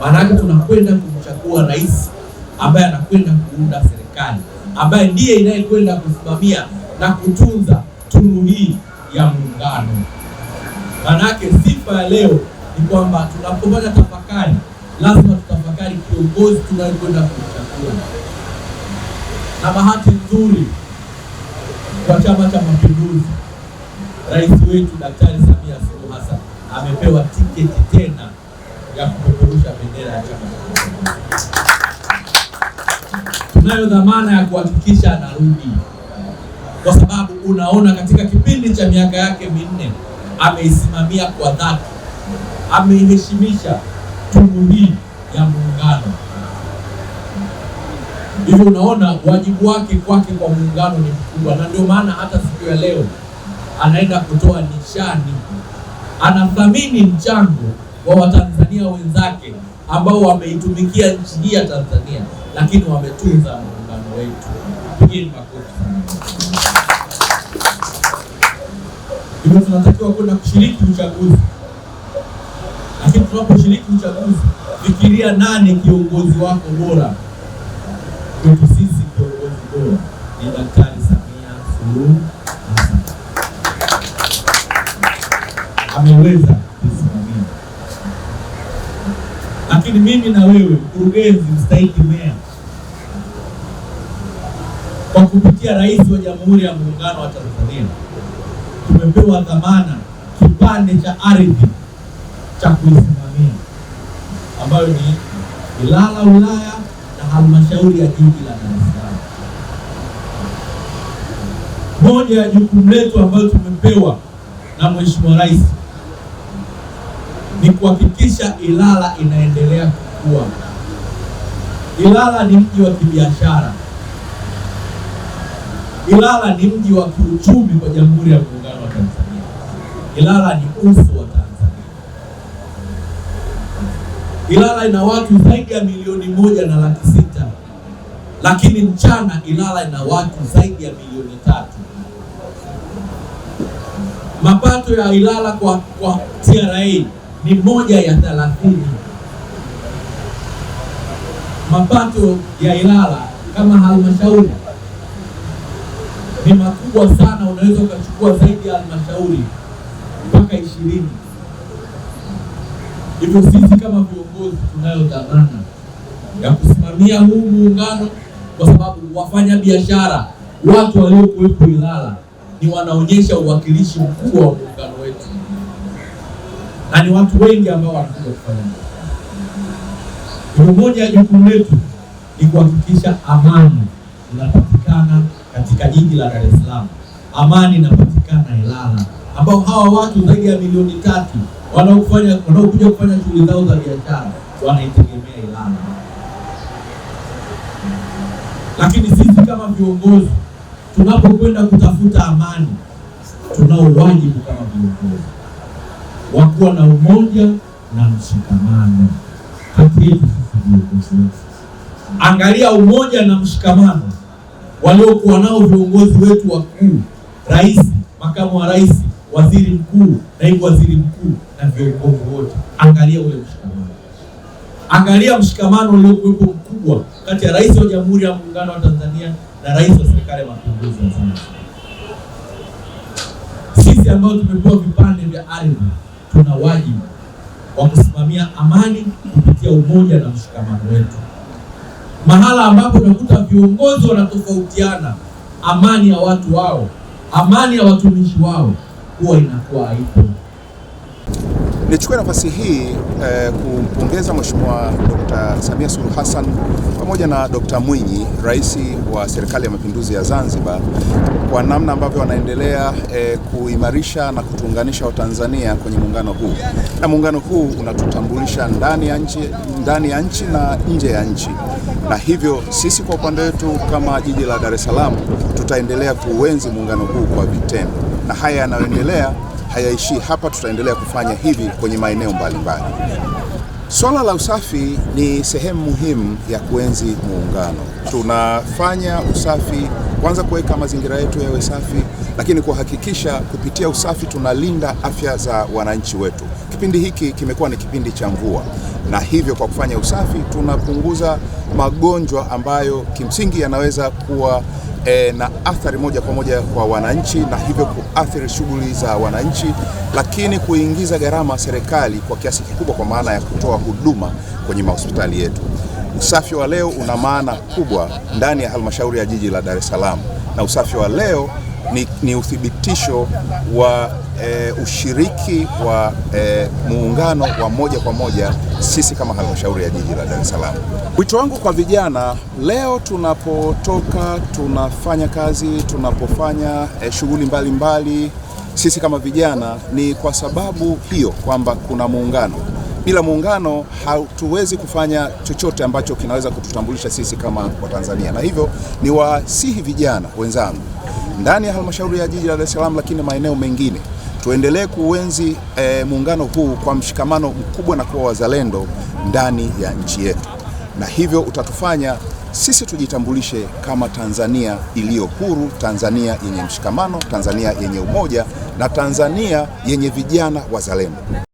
Maanake tunakwenda kumchagua rais ambaye anakwenda kuunda serikali ambaye ndiye inayekwenda kusimamia na kutunza tunu hii ya Muungano. Maanake sifa ya leo ni kwamba tunapofanya tafakari, lazima tutafakari kiongozi tunayekwenda kumchagua. Na bahati nzuri kwa Chama cha Mapinduzi, rais wetu Daktari Samia Suluhu Hassan amepewa tiketi tena tunayo dhamana ya kuhakikisha anarudi, kwa sababu unaona katika kipindi cha miaka yake minne ameisimamia kwa dhati, ameiheshimisha tumu hii ya Muungano. Hivyo unaona wajibu wake kwake kwa Muungano ni mkubwa, na ndio maana hata siku ya leo anaenda kutoa nishani, anathamini mchango wa Watanzania wenzake ambao wameitumikia nchi hii ya Tanzania lakini wametunza muungano wetu. Pigeni makofi. Hivyo tunatakiwa kwenda kushiriki uchaguzi, lakini tunaposhiriki uchaguzi, fikiria nani kiongozi wako bora. Kwetu sisi kiongozi bora ni Daktari Samia Suluhu Hassan, ameweza kusimamia. Lakini mimi na wewe, mkurugenzi mstahiki, meya kwa kupitia Rais wa Jamhuri ya Muungano wa Tanzania tumepewa dhamana kipande cha ardhi cha kuisimamia ambayo ni Ilala wilaya na halmashauri ya jiji la Dar es Salaam. Moja ya jukumu letu ambayo tumepewa na Mheshimiwa Rais ni kuhakikisha Ilala inaendelea kukua. Ilala ni mji wa kibiashara. Ilala ni mji wa kiuchumi kwa Jamhuri ya Muungano wa Tanzania. Ilala ni uso wa Tanzania. Ilala ina watu zaidi ya milioni moja na laki sita, lakini mchana Ilala ina watu zaidi ya milioni tatu. Mapato ya Ilala kwa, kwa TRA ni moja ya thelathini. Mapato ya Ilala kama halmashauri ni makubwa sana, unaweza ukachukua zaidi ya halmashauri mpaka ishirini. Hivyo sisi kama viongozi tunayo dhamana ya kusimamia huu muungano, kwa sababu wafanya biashara, watu waliokuwepo Ilala ni wanaonyesha uwakilishi mkubwa wa muungano wetu, na ni watu wengi ambao wanakuja kufanya hivyo. Moja ya jukumu letu ni kuhakikisha amani inapatikana katika jiji la Dar es Salaam. Amani inapatikana Ilala, ambao hawa watu zaidi ya milioni tatu wanaofanya wanaokuja kufanya shughuli zao za biashara wanaitegemea Ilala. Lakini sisi kama viongozi tunapokwenda kutafuta amani, tunao wajibu kama viongozi wa kuwa na umoja na mshikamano kati yetu sisi viongozi wetu. Angalia umoja na mshikamano waliokuwa nao viongozi wetu wakuu, rais, makamu wa rais, waziri mkuu, naibu waziri mkuu na viongozi wote. Angalia ule mshikamano, angalia mshikamano uliokuwepo mkubwa kati ya rais wa Jamhuri ya Muungano wa Tanzania na rais wa Serikali ya Mapinduzi ya Zanzibar. Sisi ambao tumepewa vipande vya ardhi, tuna wajibu wa kusimamia amani kupitia umoja na mshikamano wetu mahala ambapo unakuta viongozi wanatofautiana, amani ya watu wao, amani ya watumishi wao huwa inakuwa haipo. Nichukue nafasi hii eh, kumpongeza Mheshimiwa Dkt. Samia Suluhu Hassan pamoja na Dkt. Mwinyi, Rais wa Serikali ya Mapinduzi ya Zanzibar kwa namna ambavyo wanaendelea eh, kuimarisha na kutuunganisha Watanzania kwenye muungano huu, na muungano huu unatutambulisha ndani ya nchi, ndani ya nchi na nje ya nchi na hivyo sisi kwa upande wetu kama jiji la Dar es Salaam tutaendelea kuenzi muungano huu kwa vitendo, na haya yanayoendelea hayaishii hapa, tutaendelea kufanya hivi kwenye maeneo mbalimbali. Swala la usafi ni sehemu muhimu ya kuenzi muungano. Tunafanya usafi kwanza, kuweka mazingira yetu yawe safi lakini kuhakikisha kupitia usafi tunalinda afya za wananchi wetu. Kipindi hiki kimekuwa ni kipindi cha mvua, na hivyo kwa kufanya usafi tunapunguza magonjwa ambayo kimsingi yanaweza kuwa e, na athari moja kwa moja kwa wananchi na hivyo kuathiri shughuli za wananchi, lakini kuingiza gharama serikali kwa kiasi kikubwa, kwa maana ya kutoa huduma kwenye mahospitali yetu. Usafi wa leo una maana kubwa ndani ya halmashauri ya jiji la Dar es Salaam na usafi wa leo ni, ni uthibitisho wa e, ushiriki wa e, muungano wa moja kwa moja sisi kama halmashauri ya jiji la Dar es Salaam. Wito wangu kwa vijana leo, tunapotoka tunafanya kazi, tunapofanya e, shughuli mbalimbali sisi kama vijana, ni kwa sababu hiyo kwamba kuna muungano. Bila muungano hatuwezi kufanya chochote ambacho kinaweza kututambulisha sisi kama Watanzania, na hivyo ni wasihi vijana wenzangu ndani ya halmashauri ya jiji la Dar es Salaam, lakini maeneo mengine. Tuendelee kuenzi e, eh, muungano huu kwa mshikamano mkubwa na kuwa wazalendo ndani ya nchi yetu, na hivyo utatufanya sisi tujitambulishe kama Tanzania iliyo huru, Tanzania yenye mshikamano, Tanzania yenye umoja na Tanzania yenye vijana wazalendo.